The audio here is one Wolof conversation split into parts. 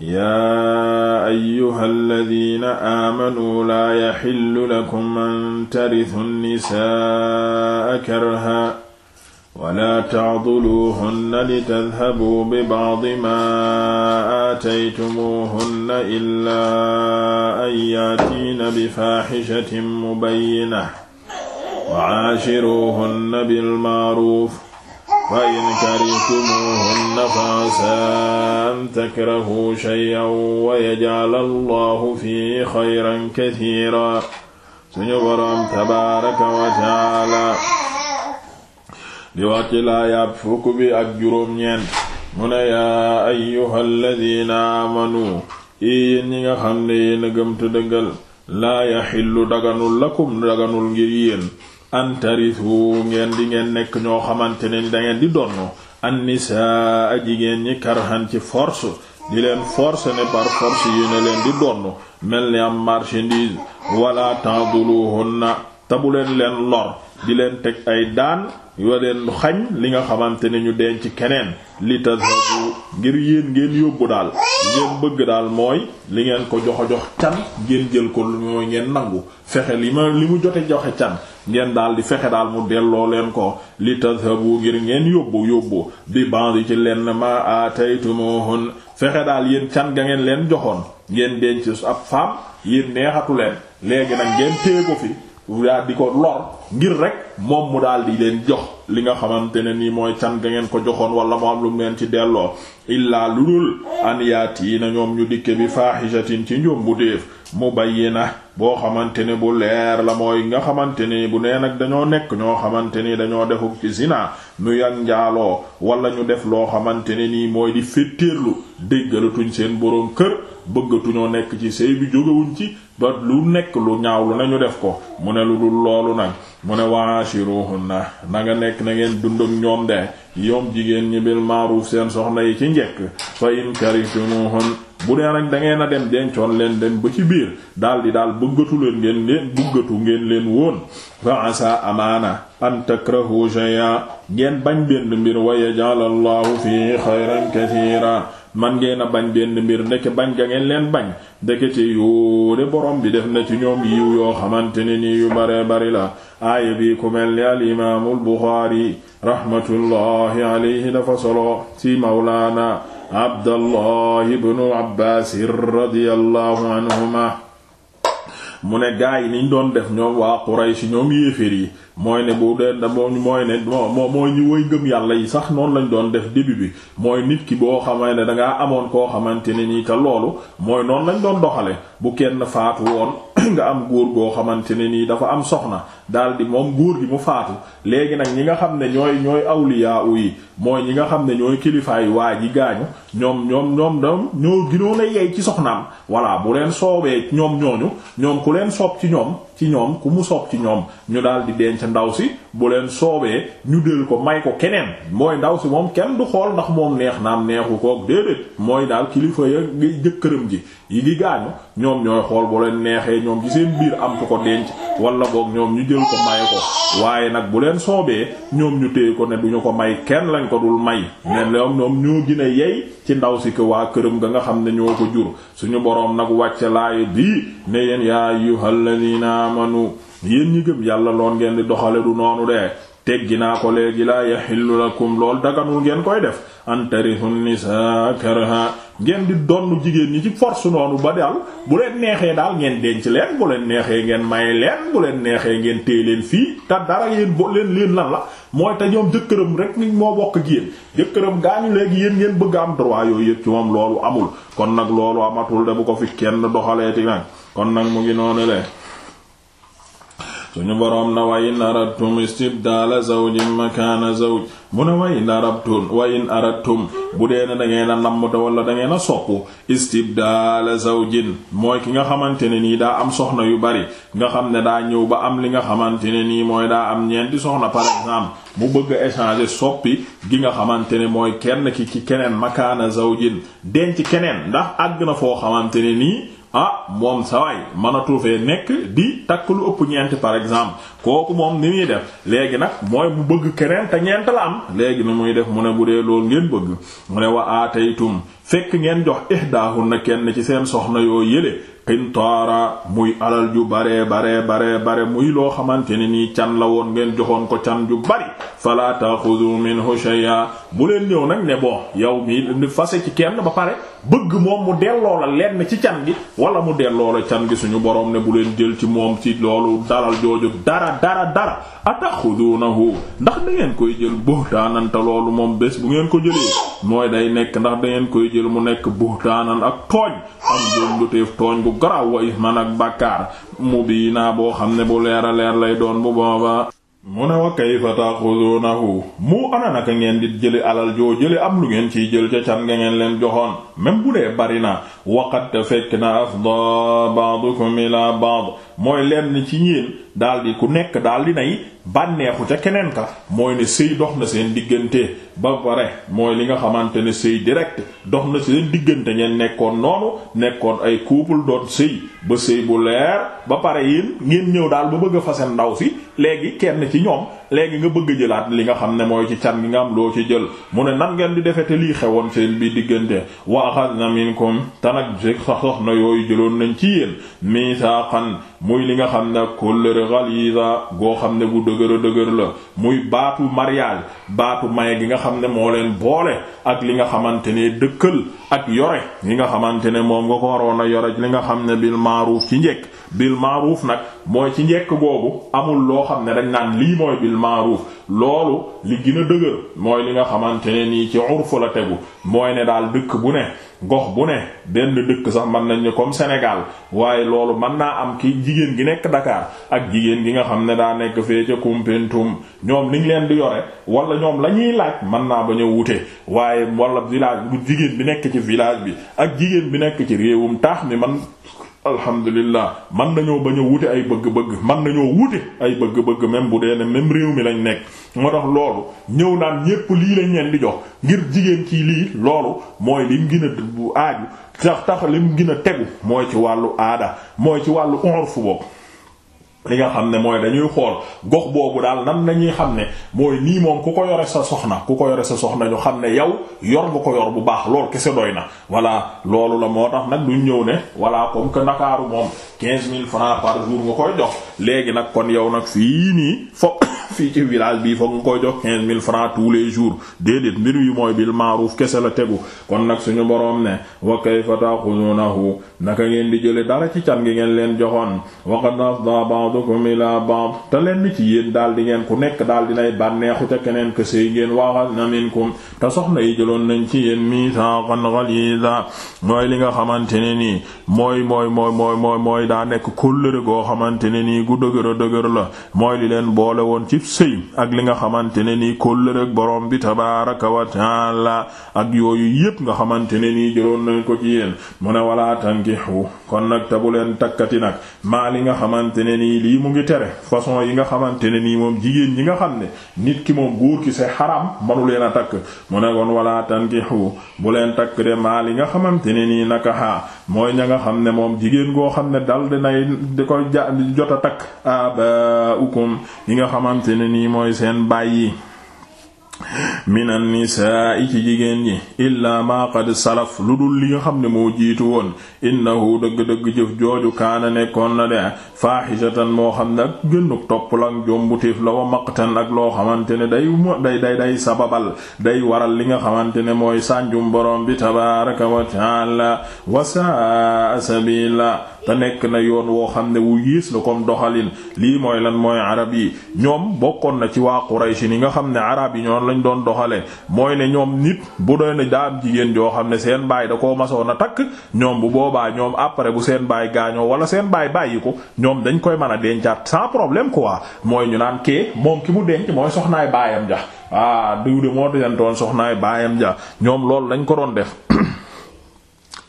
yaa ayyuha alladina aamanuu laa yaxillu lakum an tarisu nnisaa karha wala tacduluuhunna litadhabuu bibacdi maa aataytumuuhunna illaa an yaatiina bifaaxishatin mubayina wa caashiruuhunna bilmacruuf fa in karihtumuhunna fa'asaa an takrahuu shay'an wa yaj'ala Allahu fiihi xayran kasiiran suñu boroom tabaaraka wa ta'aala di wax ci laayaab fukk bi ak juróom-ñeent mu ne yaa ayyuhalladiina aamanu yéen ñi nga xam ne yéen a gëm te dëggal laa yaxillu daganul lakum daganul ngir yéen antarisu ngeen di ngeen nekk ñoo xamante ne da ngeen di donn an nisaa jigéen ñi karhan ci force di leen force ne par force yi ne leen di donn mel ni am marchandise wala ta'duluhunna te bu tabuleen leen lor di leen teg ay daan yoo leen xañ li nga xamante ne ñu denc keneen li tazhabu ngir yéen ngeen yóbbu daal li ngeen bëgg daal mooy li ngeen ko jox jox can ngeen jël ko lu mooy ngeen nangu fexe li ma li mu jote joxe can ngeen daal di fexe daal mu delloo leen ko li tazhabu ngir ngeen yóbbu yóbbu bi bandi ci leen ma ataytumuhun fexe daal yéen can ga ngeen leen joxoon ngeen denc ab faam yéen neexatu leen léegi nag ngeen téye ko fi yaa di ko lor ngir rek moom mu daal di leen jox li nga xamante ne nii mooy can ga ngeen ko joxoon wala mu am lu mu ci delloo illaa lu dul an yaati na ñoom ñu dikke bi faaxisatin ci njombutéef mu bayyi na boo xamante ne bu leer la mooy nga xamante ni bu nee nag dañoo nekk ñoo xamante ni dañoo defuk ci zina nuy ak njaaloo wala ñu def loo xamante ne nii mooy di féttéerlu déggalatuñ seen boroom kër bëggatuñoo nekk ci sëy bi jógewuñ ci ba lu nekk lu ñaaw lu nañu def ko mu ne lu dul loolu nag mu ne waashiruhunna na nga nekk na ngeen dund ak ñoom de yoom jigéen ñi bil ma'ruf seen soxna yi ci njekk fa in karihtumuhun bu dee nag dangeen a dem dencoon leen dem ba ci biir daal di daal bëggatu leen ngeen leen bëggatu ngeen leen woon fa asa amaana an takrahu ngeen bañ benn mbir wa yaj'al allahu fi xayran kathiran man ngeen a bañ benn mbir ndeke bañ ga ngeen leen bañ ndekete yoo de borom bi def na ci ñoom yiw yoo xamante ne nii yu bare bari la aaya bii ku mel ni al imaamul buxaari rahmatullahi alayhi dafa solo ci mawlaana abdallahi ibnu abbaasir radiyallahu anhuma mu ne gaa yi niñ doon def ñoom waa si ñoom yéeféer yi mooy ne bu dee moo mooy ne moo moo ñu woy ngëm yàlla yi sax noonu lañ doon def début bi mooy nit ki boo xamee ne dangaa amoon koo xamante ne nii ca loolu mooy noonu lañu doon doxale bu kenn faatu woon nga am góor goo xamante ne nii dafa am soxna daal di moom góor gi mu faatu léegi nag ñi nga xam ne ñooy ñooy awliyaa yi mooy ñi nga xam ne ñooy kilifaayu waa ji gaañu ñoom ñoom ñoom ñoom ñoo ginoon a yey ci soxnaam voilà bu leen soobee ñoom ñooñu ñoom ku leen soob ci ñoom ci ñoom ku mu soob ci ñoom ñu daal di denc ndaw si bu leen soobee ñu del ko may ko keneen mooy ndaw si moom kenn du xool ndax moom neex naam neexu koog déedéet mooy daal kilifa ya jëkkëram ji yi di gaañu ñoom ñooy xool bu leen neexee ñoom ci seen biir am ko ko denc walla boog ñoom ñu jël ko may ko waaye nag bu leen soobee ñoom ñu téye ko ne duñu ko may kenn lañ ko dul may ne loom ñoom ñoo gën a yey ci ndaw si ko waa këram ga nga xam ne ñoo ko jur suñu boroom nag wàcce laay bii amanu yéen ñi gëm yàlla loon ngeen di doxale du noonu de teggi naa ko léegi laa yaxillu lakum lool daganul ngeen koy def an tarihu nisaa karha ngeen di donn jigéen ñi ci force noonu ba daal bu leen neexee daal ngeen denc leen bu leen neexee ngeen may leen bu leen neexee ngeen téye leen fii te dara yéen bo leen lan la mooy te ñoom jëkkëram rek ni moo bokk ak yéen gaa gaañu léegi yéen ngeen bëgg am droit yooyu yëpp ci moom loolu amul kon nag loolu amatul de bu ko fi kenn doxalee ci suñu boroom na wa in aradtum istibdaala zawjin makaana zawj mu ne wa in arabtum wa in aradtum bu dee ne da ngeen a namm ta wala da ngeen a soppu istibdaala zawjin mooy ki nga xamante ne nii daa am soxna yu bari nga xam ne daa ñëw ba am li nga xamante ne nii mooy daa am ñeenti soxna par exemple mu bëgg a échanger soppi gi nga xamante ne mooy kenn ki ci keneen makaana zawjin denc keneen ndax àgg na foo xamante ne nii ah moom sawaay mënatu fee nekk di takk lu ëpp ñeent par exemple kooku moom ni muy def léegi nag mooy bu bëgg keneen te ñeent la am léegi nu muy def mu ne bu dee loolu ngeen bëgg mu ne wa aataytum fekk ngeen jox ihdaahunna kenn ci seen soxna yoo yële qintaara muy alal ju bare bare bare bare muy loo xamante ne nii can la woon ngeen joxoon ko can ju bari fala taaxudu minhu shay'a bu leen ñëw nag ne bon yow mi fase ci kenn ba pare bëgg moom mu delloo la lenn ci can gi wala mu delloo la can gi suñu boroom ne bu leen jël ci moom ci loolu dalal jooju dara dara dara ataxudunahu ndax da koy jël buhtaanante loolu moom bés bu ngeen ko jëlee mooy day nekk ndax da jël mu nekk buhtaanan ak tooñ am doom tooñ bu garaaw wa isman ak bàkkaar mu bii naa boo xam ne bu leer leer lay doon bu booba mu ne wa kayfa taxudunahu mu ana naka ngeen di jëli alal joo jële am lu ngeen ciy jël ca can nga ngeen leen joxoon même bu dee bari na waqat fekk na afda ba'dukum ila ba'd mooy lenn ci ñeen di ku nekk di nay bànneexu ca keneen ka mooy ne sëy dox na seen diggante ba pare mooy li nga xamante ne sëy direct dox na seen diggante ngeen nekkoon noonu nekkoon ay couple doon sëy ba sëy bu leer ba pare yéen ngeen ñëw daal ba bëgg a fase ndaw si léegi kenn ci ñoom léegi nga bëgg jëlaat li nga xam ne mooy ci can gi nga am loo ci jël mu ne nan ngeen di defe te lii xewoon seen bi diggante na miin koom tanak jég sax soxna yooyu jëloon nañ ci yéen misaaqan muy li nga xam ne kóllëre ghaliza goo xam ne bu dëgër dëgër la muy baatu mariage baatu maye gi nga xam ne moo leen boole ak li nga xamante ne dëkkal ak yore yi nga xamante ne moom nga ko waroon a yore li nga xam ne bil ma'ruf ci njekk bil ma'ruf nag mooy ci njekk boobu bil ma'ruf loolu li gën a dëgër mooy li nga xamante ne nii ci urfu la tegu mooy ne daal dëkk bu ne gox bu ne benn dëkk sax mën nañ ne comme senegal waaye loolu mën naa am ki jigéen gi nekk Dakar ak jigéen gi nga xam ne daa nekk fee ca Koumpentoum ñoom niñ leen di yore wala ñoom la ñuy laaj mën naa ba ñëw wute waaye wala village bu jigéen bi nekk ci village bi ak jigéen bi nekk ci réewum taax mi man alhamdulilah man nañoo bañ a wute ay bëgg-bëgg man nañoo wute ay bëgg-bëgg même bu dee ne même réew mi lañ nekk moo tax loolu ñëw naan ñépp lii lañ leen di jox ngir jigéen ci lii loolu mooy lim gën bu aaju tax tax lim gën a tegu mooy ci wàllu aada mooy ci wàllu urfu boobu li nga xam ne mooy dañuy xool gox boobu daal nan nañuy xam ne mooy nii moom ku ko yore sa soxna ku ko yore sa soxna ñu xam ne yow yor nga ko yor bu baax lool kese doy na voilà loolu la moo tax nag duñ ñëw ne voilà comme que Ndakaaru moom quinze mille francs par jour jox léegi nag kon yow nag fii nii fo fii ci village bii foog nga koy jox quinze mille francs tous jours déedéet mbir yu mooy bil ma'ruf kese la tegu kon nag suñu boroom ne wa kayfa ta'khudunahu naka ngeen di jële dara ci can gi ngeen leen joxoon ba'dukum ila ba'd te leen ci yéen daal di ngeen ku nekk daal di nay bànneexu ca keneen ke sëy ngeen waaxal na minkum te soxna yi jëloon nañ ci yéen mithaqan ghaliza mooy li nga xamante ne nii mooy mooy mooy mooy mooy mooy daa nekk kóllëre goo xamante ne nii gu dëgër a dëgër la mooy li leen boole woon ci sëy ak li nga xamante ne nii kóllëre ak borom bi tabaraka wa la ak yooyu yépp nga xamante ne nii jëloon nañ ko ci yéen mu ne wala tankihu kon nag te bu leen takkati nag maa li nga xamante ne nii lii mu ngi tere façon yi nga xamante ne nii moom jigéen ñi nga xam ne nit ki moom góor ki c'est haram manu leen a takk mu ne kon wala tankihu bu leen takk de maa li nga xamante ne nii nakaha mooy ña nga xam ne moom jigéen goo xam ne dal dinay di koy ja jot a takk aba ukum yi nga xamante ne nii mooy seen baay yi min annisaai ci jigéen ñi illaa maa qad salaf lu dul li nga xam ne moo jiitu woon innahu dëgg-dëgg jëf jooju kaana nekkoon na de faaxisatan moo xam ne ak gënnuk topp la ak jombutéef la wa maqtan ak loo xamante ne day day day sababal day waral li nga xamante ne mooy sànjum borom bi tabaaraka wa taala wa saa sabila te nekk na yoon woo xam ne wu yiis la comme doxalin lii mooy lan mooy arab yi ñoom bokkoon na ci waa si ni nga xam ne arab yi ñoon lañ doon doxale mooy ne ñoom nit bu doon daa am jigéen joo xam ne seen baay da koo masoon a takk ñoom bu boobaa ñoom après bu seen baay gaañoo wala seen baay bàyyi ko ñoom dañ koy mën a dencaat sans problème quoi mooy ñu naan kee moom ki mu denc mooy soxnaay baayam ja ah diw de moo dentoon soxnaay baayam ja ñoom loolu dañ ko doon def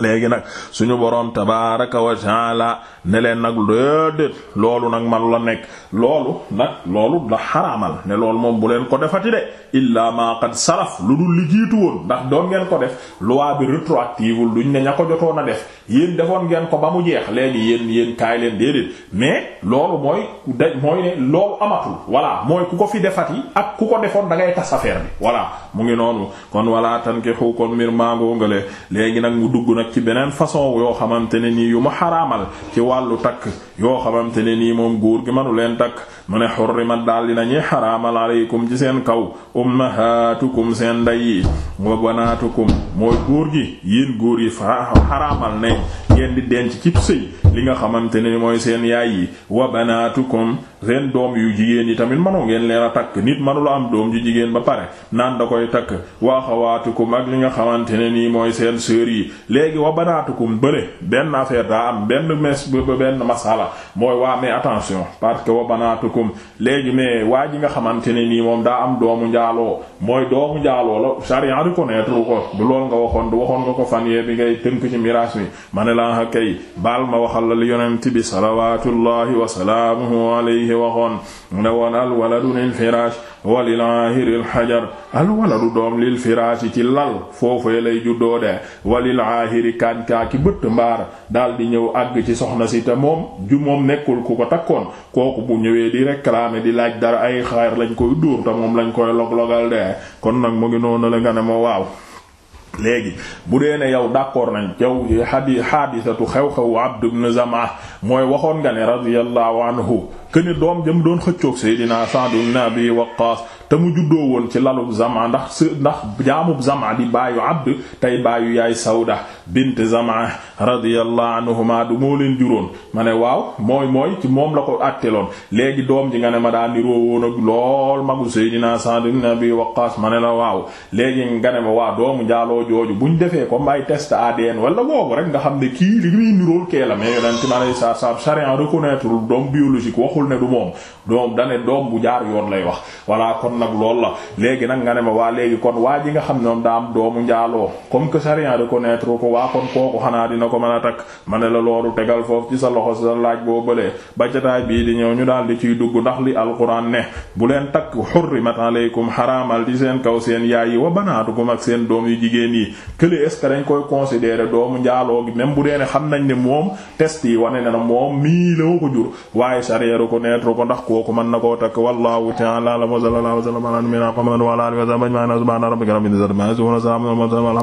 léegi nag suñu boroom tabaaraka wa taala ne leen nag déedéet loolu nag man la nekk loolu nag loolu ndax xaraamal ne loolu moom bu leen ko defati de illaa ma qad salaf lu dul li jiitu woon ndax doon ngeen ko def lu loi bi rétroactive duñ ne ña ko jotoon a def yéen defoon ngeen ko ba mu jeex léegi yéen yéen kaay leen déedéet mais loolu mooy da mooy ne loolu amatul voilà mooy ku ko fi defati ak ku ko defoon da ngay tas affaire bi voilà mu ngi noonu kon wala tan ke xu kon léegi nag dugg na nag ci beneen façon yoo xamante ne nii yu mu xaraamal ci wàllu takk yoo xamante ne nii moom góor gi manu leen takk mu ne xurrimat daal di nañuy xaraamal aleykum ci seen kaw ummahatukum seen ndey yi wa banatukum mooy góor gi yéen góor yi fa xaraamal ne ngeen di denc ci sëy li nga xamante ne mooy seen yaay yi wa banatukum seen doom yu jigéen yi tamit mënoo ngeen leen a takk nit manula am doom ji jigéen ba pare naan da koy takk waaxawaatukum ak li nga xamante ne nii mooy seen sœur yi léegi wa banaatukum bële benn affaire daa am benn mes benn masala mooy waa mais attention parce que wa banaatukum léegi mais waa ji nga xamante ne nii moom daa am doomu njaaloo mooy doomu njaaloo la charia reconnaître ko du lool nga waxoon du waxoon nga ko fan yee bi ngay tënk ci miraas mi ma ne la ah, kay baal ma waxal la ñi waxoon ne woon alwaladu lil firaash walil aahiri alxajar alwaladu doom lil firaash ci lal foofee lay juddoo de walil aahiri kaankaa ki bëtt mbaar daal di ñëw àgg ci soxna si te moom ju moom nekkul ku ko takkoon kooku bu ñëwee di réclamer di laaj dara ay xaar lañ koy dóor te moom lañ koy log-logal de kon nag mu ngi noonu la nga ne ma waaw léegi bu dee ne yow d'accord nañ yow hadi hadisatu xew-xewu Abd ibn Zama mooy waxoon nga ne radiyallahu anhu këne doom jëm doon xëccoog Seydina Sa'd ibn Abi Waqqas te mu juddoo woon ci lalub Zam'a ndax s ndax jaamub Zam'a di baayu Abd tey baayu yaay Sawda bint Zam'a radiyallahu anhuma du moo leen juróon ma ne waaw mooy mooy ci moom la ko atteloon léegi doom ji nga ne ma daa niroo woon ak lool magu Seydina Sa'd ibn Abi Waqqas ma ne la waaw léegi nga ne ma waa doomu njaaloo jooju buñ defee comme ay test ADN wala boobu rek nga xam ne kii li muy nirool kee la ma lay sa sa charia waxul ne du moom doom dane doom bu jaar yoon lay wax voilà kon nag loolu la léegi nag nga ne ma waa léegi kon waa ji nga xam ne moom daa am doomu njaaloo comme que sharia ko waa kon kooku xanaa ko mën a takk ma ne la loolu tegal foofu ci sa loxo sa laaj boo bëlee ba jotaay bii ñu daal di ciy dugg ndax li alquran ne bu leen takk hurrimat alaykum xaraamal di seen kaw seen yaay yi wa banaatukum ak seen doom yu jigéen yi kële est ce que dañ koy considérer doomu njaaloo gi bu dee ne xam nañ ne moom test yi wane na moom mii la ko jur waaye sharia reconnaître ko ndax kooku mën na koo takk wallahu ta'ala a'lam wa sallallahu alayhi wa sallam ala nabiyyina muhammadin wa ala alihi wa sahbihi ajma'in subhana rabbika rabbil izzati amma yasifun wa salamun